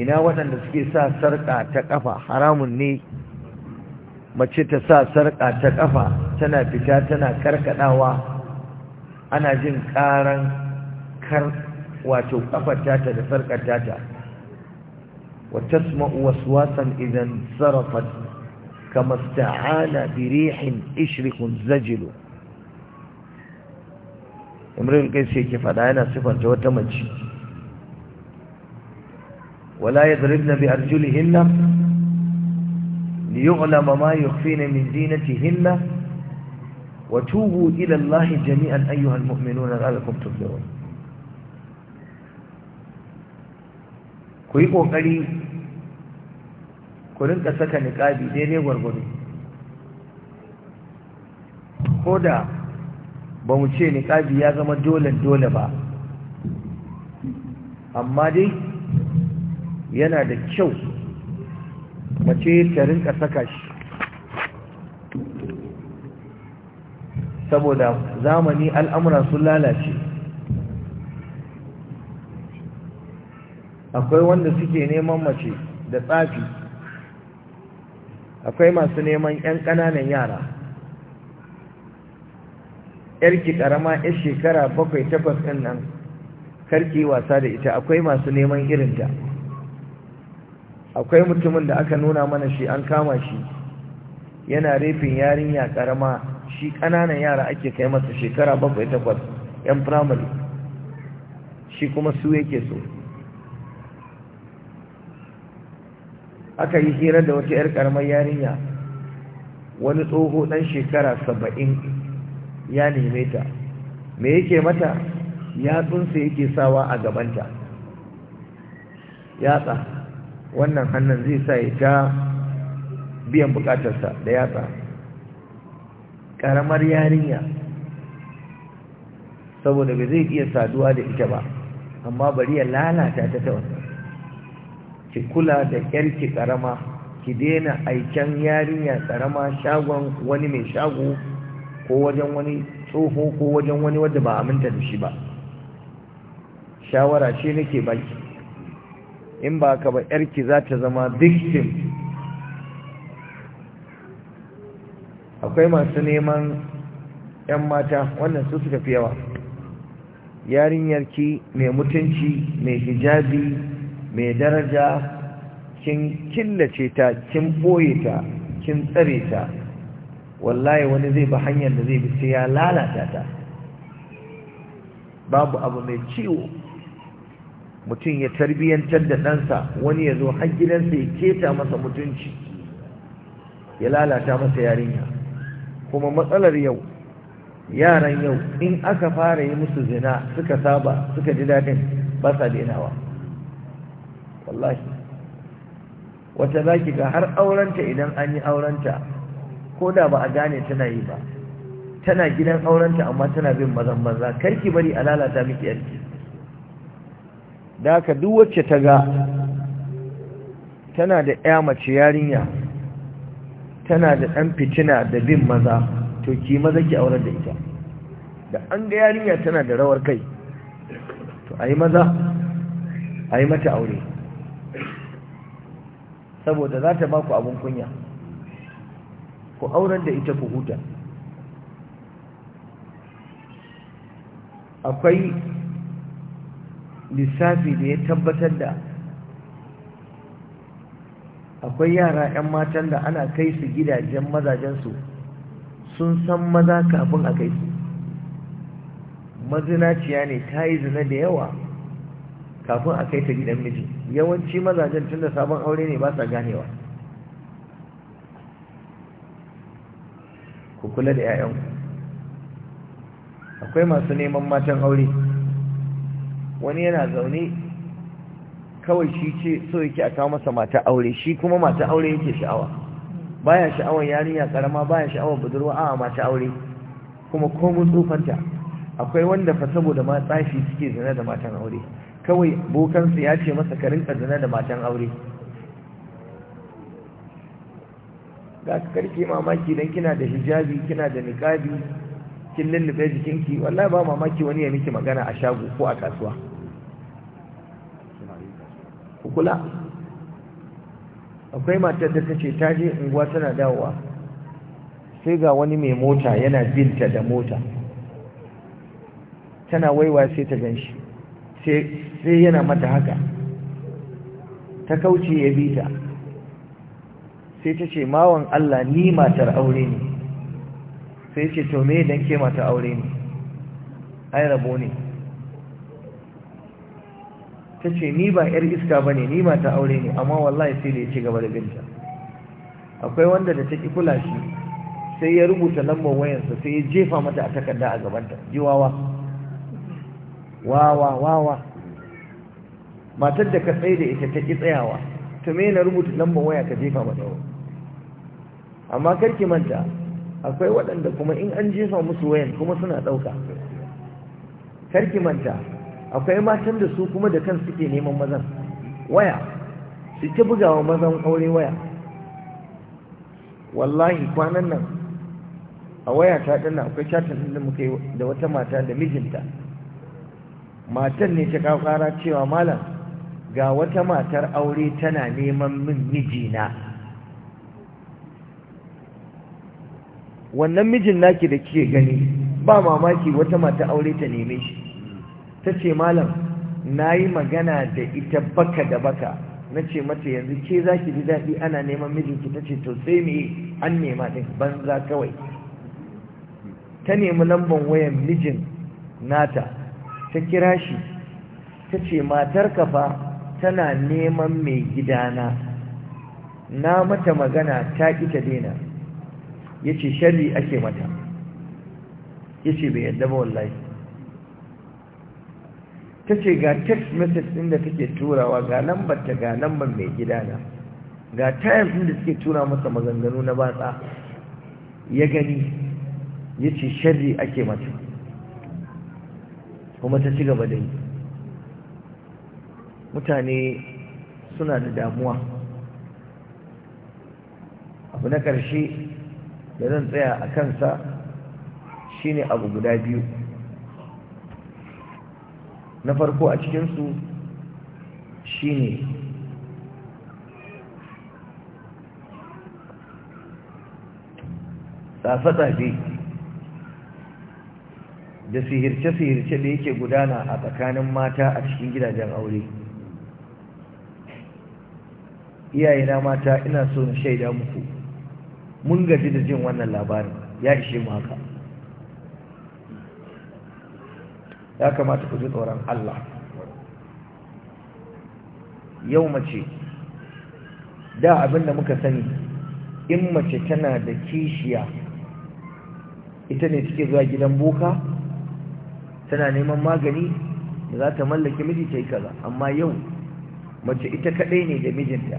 ina waɗanda suke sa sarƙa ta kafa haramun ne mace ta sa sarƙa ta kafa tana fita tana karkadawa ana jin ƙaran kar wato kafar tata da sarƙar tata wa tasma'u wasuwasan idan sarrafa كما استعان بريح إشرق زجل امرئ القيس yake faɗa yana sifanta wata maci. wala yadribna bi arjulihinna liyu'lama ma yukhfina min zinatihinna wa tubu ila Allah jami'an ayyuhal mu'minuna la'allakum tuflihun ku yi kokari ku rinka saka niƙabi daidai gwargwado ko da ba mu ce niƙabi ya zama dole-dole ba amma dai yana da kyau mace ta rinka saka shi saboda zamani al'amura sun lalace akwai wanda suke neman mace da tsafi akwai masu neman 'yan ƙananan yara yarki ƙarama 'yar shekara bakwai takwas ɗin nan karki wasa da ita akwai masu neman irin ta. akwai mutumin da aka nuna mana shi an kama shi yana rafin yarinya ƙarama shi ƙananan yara ake kai masa shekara bakwai takwas 'yan firamare shi kuma su yake so aka yi hira da wata 'yar karamar yarinya wani tsoho ɗan shekara saba'in ya neme ta me yake mata yatsunsa yake sawa a gabanta yatsa wannan hannun zai sa ya ta biyan bukatarsa da yatsa karamar yarinya saboda bai zai iya saduwa da ita ba amma bari ya lalata ta ta ki kula da yarki karama ki daina aiken yarinya karama shagon wani mai shago ko wajen wani tsoho ko wajen wani wadda ba aminta da shi ba shawara ce nake baki in ba ka ba yarki za ta zama victim akwai masu neman 'yan mata wannan su suka fi yawa yarinyarki mai mutunci mai hijabi mai daraja kin killace ta kin boye ta kin tsare ta wallahi wani zai bi hanyar da zai bi sai ya lalata ta babu abu mai ciwo mutum ya tarbiyantar da ɗansa wani ya zo har gidansa ya keta masa mutunci ya lalata masa yarinya kuma matsalar yau yaran yau in aka fara yi musu zina suka saba suka ji daɗin ba sa denawa wallahi wata za ki ga har aurenta idan an yi aurenta ko da ba a gane tana yi ba tana gidan aurenta amma tana bin mazan maza karki bari a lalata miki yanki da haka duk wacce ta ga tana da ya mace yarinya tana da ɗan fitina da bin maza to ki maza ki auren da ita da an ga yarinya tana da rawar kai to a yi maza a yi mata aure saboda za ta baku abin kunya ku auren da ita ku huta akwai lissafi da ya tabbatar da akwai yara 'yan matan da ana kai su gidajen mazajensu sun san maza kafin a kai su mazinaciya ne ta yi zina da yawa kafin a kai ta gidan miji yawanci mazajen tun da sabon aure ne ba sa ganewa ku kula da 'ya'yanku akwai masu neman matan aure wani yana zaune kawai shi ce so yake a kawo masa mata aure shi kuma mata aure yake sha'awa baya sha'awar yarinya karama baya sha'awar budurwa a mata aure kuma komun tsufanta akwai wanda fa saboda ma tsafi suke zina da matan aure kawai bokansa ya ce masa ka rinka zina da matan aure ga karke mamaki don kina da hijabi kina da niƙabi, kin lullube jikinki wallahi ba mamaki wani ya miki magana a shago ko a kasuwa kula akwai matar da ta ce ta je unguwa tana dawowa sai ga wani mai mota yana binta da mota tana waiwa sai ta ganshi sai yana mata haka ta kauce ya bi ta sai ta ce mawan Allah ni matar aure ne sai ce to me dan ke mata aure ne ai rabo ne ta ce ni ba yar iska ba ne ni mata aure ne amma wallahi sai da ya ci gaba da binta akwai wanda da ta ki kula shi sai ya rubuta lambar wayansa sai ya jefa mata a takarda a gabanta jiwawa wawa wawa matar da ka tsaye da ita ta ki tsayawa to me na rubuta lambar waya ka jefa mata amma karki manta akwai waɗanda kuma in an jefa musu wayan kuma suna ɗauka karki manta akwai matan da su kuma da kan suke neman mazan waya su ta bugawa mazan aure waya wallahi kwanan nan a waya ta ɗana akwai catan da muka yi da wata mata da mijinta matan ne ta kawo kara cewa malam ga wata matar aure tana neman min mijina wannan mijin naki da kike gani ba mamaki wata mata aure ta neme shi ta ce malam na yi magana da ita baka da baka na ce mata yanzu ke za ki ji daɗi ana neman mijinki ta ce to sai yi. an nema ɗin banza kawai ta nemi lambar wayan mijin nata ta kira shi ta ce matarka fa tana neman mai gidana na mata magana ta ita ta daina ya ce shari ake mata ya ce bai yadda ba wallahi ta ce ga text message ɗin da take turawa ga lambar ta ga lambar mai gidana ga tayar ɗin da suke tura masa maganganu na batsa ya gani ya ce shari ake mata kuma ta ci gaba da yi mutane suna da damuwa abu na ƙarshe da zan tsaya a kansa shine abu guda biyu na farko a cikinsu shine tsafe-tsafe da sihirce-sihirce da yake gudana a tsakanin mata a cikin gidajen aure iyayena mata ina so na shaida muku mun gaji da jin wannan labarin ya ishe mu haka ya kamata ku ji tsoron Allah yau mace da abinda muka sani in mace tana da kishiya ita ne take zuwa gidan boka tana neman magani da za ta mallake miji ta yi kaza amma yau mace ita kaɗai ne da mijinta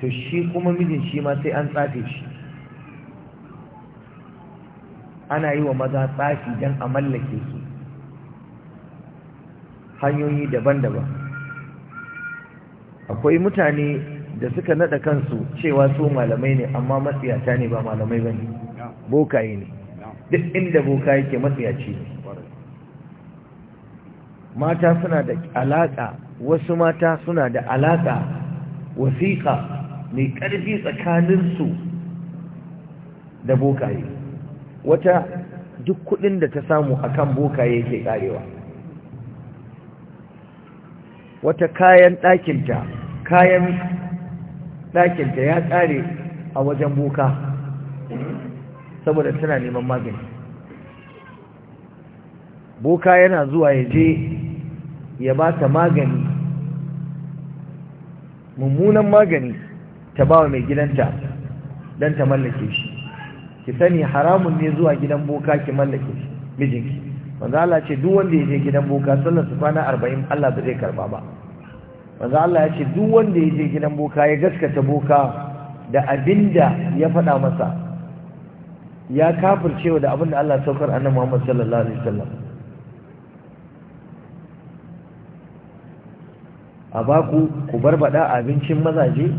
to shi kuma mijin shi ma sai an tsafe shi ana yi wa maza tsafi don a mallake su hanyoyi daban-daban akwai mutane da suka nada kansu cewa su malamai ne amma matsiyata ne ba malamai ba ne bokaye ne duk inda boka yake matsiyaci ne mata suna da alaƙa wasu mata suna da alaƙa wasiƙa mai ƙarfi tsakaninsu da bokaye wata duk kuɗin da ta samu a kan bokaye ke ƙarewa wata kayan ɗakinta kayan ɗakinta ya ƙare a wajen boka saboda tana neman magani boka yana zuwa ya je ya ba ta magani mummunan magani ta ba wa mai gidanta don ta mallake shi ki sani haramun ne zuwa gidan boka ki mallake shi mijinki manzo Allah ce duk wanda ya je gidan boka sallar su kwana 40 Allah ba zai karba ba manzo Allah ya ce duk wanda ya je gidan boka ya gaskata boka da abinda ya faɗa masa ya kafircewa da abinda Allah saukar annabi Muhammad sallallahu alaihi wasallam a baku ku barbada abincin mazaje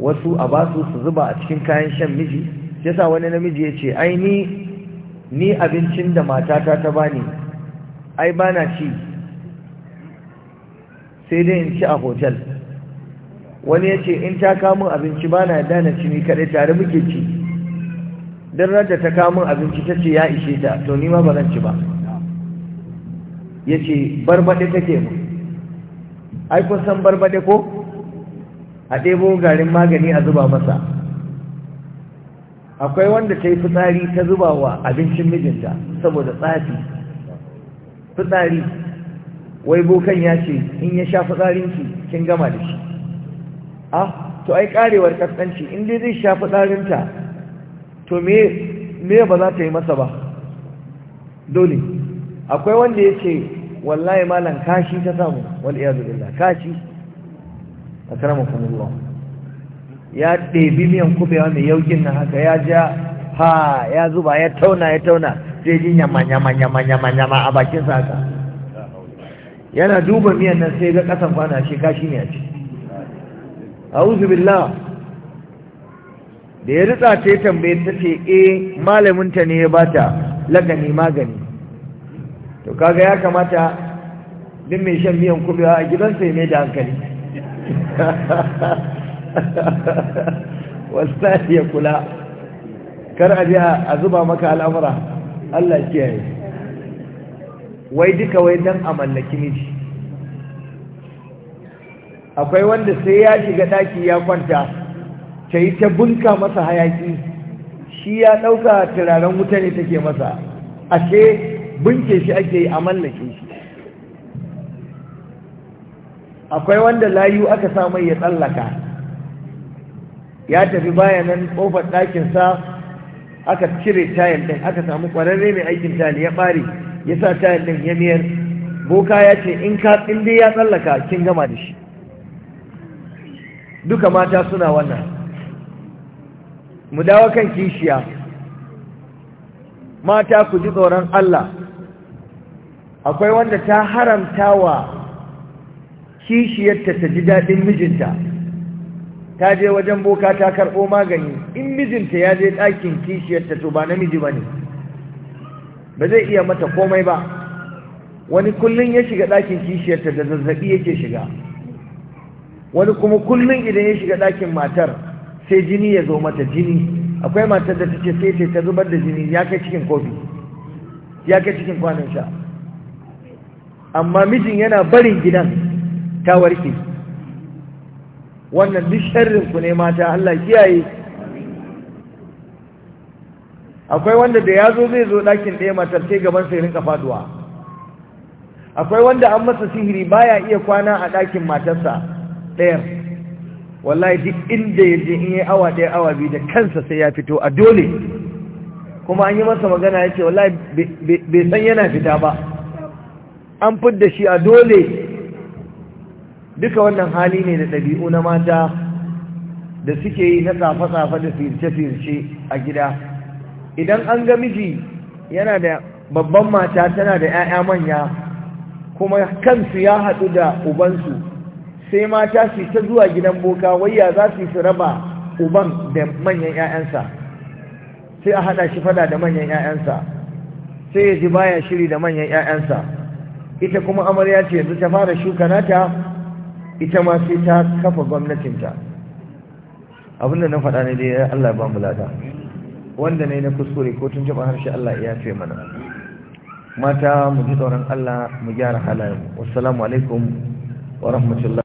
wasu a basu su zuba a cikin kayan shan miji yasa wani namiji ya ce ai ni ni abincin da matata ta bani ai bana ci sai dai in ci a hotel wani ya ce in ta kamun abinci bana yadda na ci ni kaɗai tare muke ci don rada ta kamun abinci ta ce ya ishe ta to ni ma ba zan ci ba ya ce barbaɗe take mu ai kun san barbade ko a ɗebo garin magani a zuba masa akwai wanda ta yi fitsari ta zuba wa abincin mijinta saboda tsafi fitsari wai bokan ya ce in ya sha fitsarinki kin gama da shi ah to ai karewar kaskanci in dai zai sha fitsarinta to me ba za ta yi masa ba dole akwai wanda ya ce wallahi malam kashi ta samu wal iyadu billah kashi akramakumullah ya ɗebi miyan kubewa mai yaukin na haka ya ja ha ya zuba ya tauna ya tauna sai ji nyama nyama nyama nyama nyama a bakin sa haka yana duba miyan nan sai ga kasan kwana shi kashi ne a ci a'udhu billah da ya ritsa ta tambaye ta ce eh malamin ta ne ya bata lagani magani to kaga ya kamata din mai shan miyan kubewa a gidansa ya da hankali wasu ya kula kar a biya a zuba maka al'amura Allah kiyaye wai duka wai dan a mallaki miji akwai wanda sai ya shiga ɗaki ya kwanta ta yi ta bunka masa hayaki shi ya ɗauka turaren wuta ne take masa ashe binke shi ake yi a mallake shi akwai wanda layu aka sa ya tsallaka ya tafi bayanan ƙofar ɗakinsa aka cire tayar ɗin aka samu ƙwararre mai aikin tali ya ɓare ya sa tayar ɗin ya miyar boka ya ce in ka dai ya tsallaka kin gama da shi duka mata suna wannan mu dawo kan kishiya mata ku ji tsoron Allah akwai wanda ta haramta wa kishiyarta ta ji daɗin mijinta ta je wajen boka ta karɓo magani in mijinta ya je ɗakin kishiyarta to ba namiji ba ne ba zai iya mata komai ba wani kullum ya shiga ɗakin kishiyarta da zazzaɓi yake shiga wani kuma kullum idan ya shiga ɗakin matar sai jini ya zo mata jini akwai matar da ta ce sai ta zubar da jini ya kai cikin kofi ya kai cikin kwanan sha amma mijin yana barin gidan ta warke wannan duk sharrin ku ne mata Allah kiyaye akwai wanda da ya zo zai zo ɗakin ɗaya matar sai gaban sai rinka faduwa akwai wanda an masa sihiri baya iya kwana a ɗakin matarsa ɗaya. wallahi duk inda ya je in yi awa ɗaya awa biyu da kansa sai ya fito a dole kuma an yi masa magana ya ce wallahi bai san yana fita ba an fidda shi a dole duka wannan hali ne da ɗabi'u na mata da suke yi na tsafe-tsafe da firce-firce a gida idan an ga miji yana da babban mata tana da 'ya'ya manya kuma kansu ya haɗu da ubansu sai mata su ta zuwa gidan boka wayya za su su raba uban da manyan 'ya'yansa sai a haɗa shi fada da manyan 'ya'yansa sai ya ji baya shiri da manyan 'ya'yansa ita kuma amarya ce yanzu ta fara shuka nata ita ma sai ta kafa gwamnatinta abinda na faɗa ne dai Allah ba mu lada wanda ne na kuskure ko tun jaba harshe Allah ya ce mana mata mu ji tsoron Allah mu gyara halayen wassalamu alaikum wa rahmatullahi